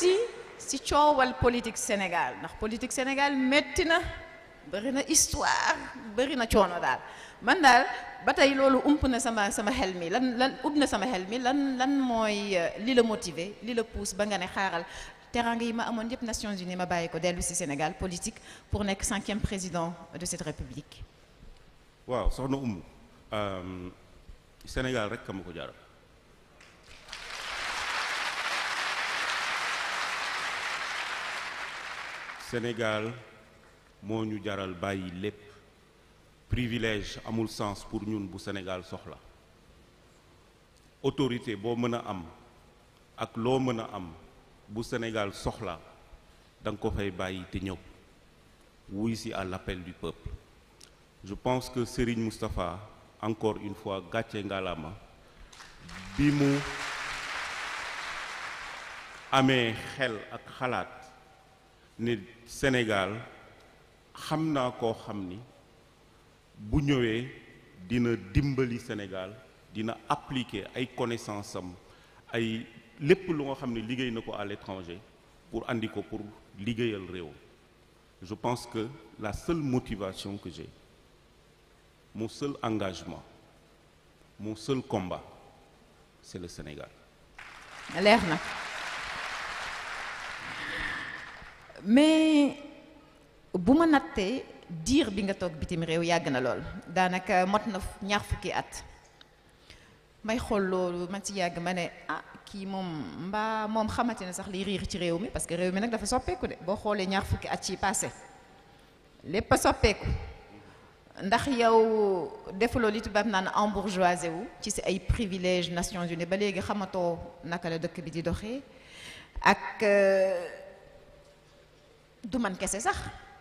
si si coowal politique Sénégal ndax politique Sénégal métti na bari na histoire bëri na coono daal man daal ba tey loolu ump na sama sama xel mi lan lan ub na sama xel mi lan lan mooy euh, li la motiver li la pousse ba nga ne xaaral teranga yi ma amoon yëpp Nations Unies ma bàyyi ko dellu si Sénégal politique pour nekk cinquième président de cette république. waaw soxna Oumou euh, Sénégal rek ka ma ko jaral Sénégal moo ñu jaral bàyyi lépp privilège amul sens pour ñun bu Sénégal soxla autorité boo mën a am ak loo mën a am bu Sénégal soxla danga ko fay bàyyi te ñëw wuy si à l'appel du peuple je pense que Serigne Moustapha encore une fois gàcce ngalaama bi mu amee xel ak xalaat ni Sénégal xam naa koo xam ni bu ñëwee dina dimbali Sénégal dina appliquer ay connaissances am ay lépp lu nga xam ne liggéey na ko à l'étranger pour andi ko pour liggéeyal réew je pense que la seule motivation que j'ai mon seul engagement mon seul combat c'est le Sénégal leer na mais bu ma nattee diir bi nga toog bitim réew yàgg na lool daanaka mot na ñaax fukki at may xool loolu ma ci yàgg ma ne ah kii moom mbaa moom xamante ne sax liy riir ci réew mi parce que réew mi nag dafa soppeeku de boo xoolee ñaar fukki at ci passé lépp a soppeeku ndax yow defuloo li tubaab naan embourgeoisé wu ci si ay privilèges Nations Unies ba léegi xamatoo naka la dëkk bi di doxee ak. Euh, du man kese sax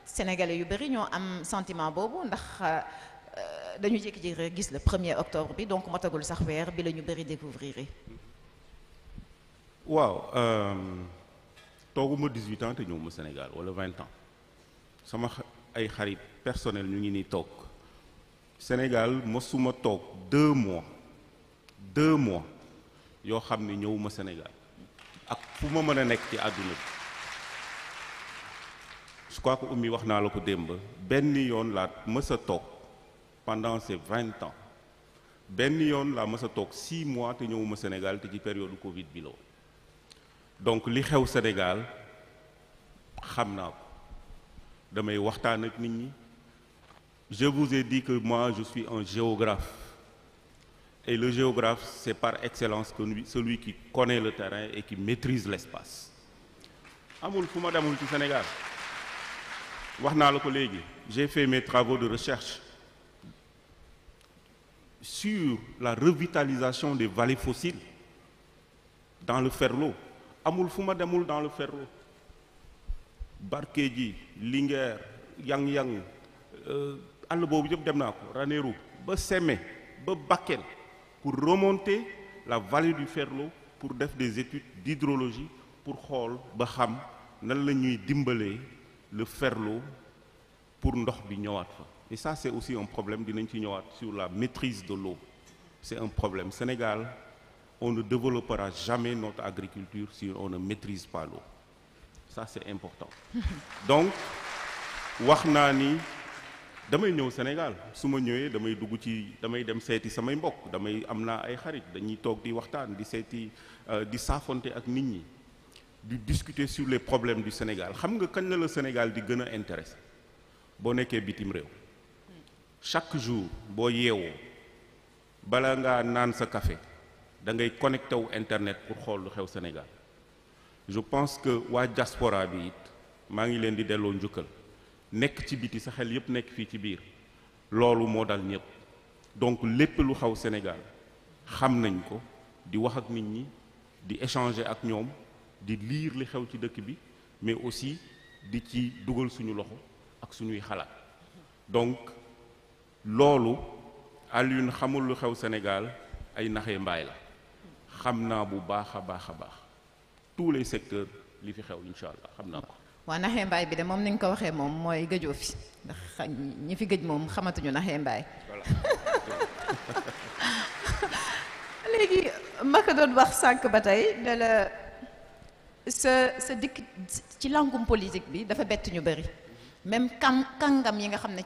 sénégalais yu bëri ñoo am sentiment boobu ndax euh, dañu jékki-jékki rek gis le premier octobre bi donc motagul sax weer bi la ñu bëri découvrir yi waaw euh, tooguma 18 ans te ñëwuma Sénégal wala vingt ans sama ay xarit personnel ñu ngi ni toog Sénégal mosuma toog deux mois deux mois yoo xam ne ñëwuma Sénégal ak fu ma mën a nekk ci àdduna bi je crois que wax naa la ko démb benn yoon laa mës a toog pendant ces vingt ans benn yoon laa mës a toog six mois te ñëwuma Sénégal te ci période Covid bi la donc li xew Sénégal xam naa ko damay waxtaan ak nit ñi je vous ai dit que moi je suis un géographe et le géographe c'est par excellence que celui qui connaît le terrain et qui maîtrise l'espace amul fu ma demul ci Sénégal wax naa la ko léegi j'ai fait mes travaux de recherche sur la revitalisation des vallées fossiles dans le Ferlo amul fu ma demul dans le Ferlo Barkédji Linguère Yang-Yang euh, àll boobu yëpp dem naa ko Ranérou ba Sémé ba Bakel pour remonter la vallée du Ferlo pour def des études d'hydrologie pour xool ba xam nan la ñuy dimbalee le ferlo pour ndox bi ñëwaat fa et ça aussi un problème dinañ ci ñëwaat sur la maîtrise de l'eau c'est un problème Sénégal on ne développera jamais notre agriculture si on ne maîtrise pas l'eau ça c'est important donc wax naa ni damay ñëw Sénégal su ma ñëwee damay dugg ci damay dem seeti samay mbokk damay am naa ay xarit dañuy toog di waxtaan di seeti euh, di saafonte ak nit ñi di discuter sur les problèmes du Sénégal xam nga kañ la Sénégal di gën a intéressé boo nekkee bitim réew chaque jour boo yeewoo balaa ngaa naan sa café da ngay connecté wu internet pour xool lu xew Sénégal je pense que waa diaspora bi it maa ngi leen di delloo njukkal nekk ci biti sa xel yépp nekk fii ci biir loolu moo dal ñépp donc lépp lu xew Sénégal xam nañ ko di wax ak nit ñi di échanger ak ñoom di liir li xew ci dëkk bi mais aussi di ci dugal suñu loxo ak suñuy xalaat donc loolu Alioune xamul lu xew Sénégal ay naxee mbaay la xam naa bu baax a baax a baax tous les secteurs li fi xew incha allah xam naa ko. waa naxee mbaay bi de moom ni ñu ko waxee moom mooy gëjoo fi ndax ñi fi gëj moom xamatuñu naxee mbaay. léegi ma ko doon wax sànq ba tey ne la. sa sa dikk ci langum politique bi dafa bett ñu bëri même kam kàngam yi nga xam ne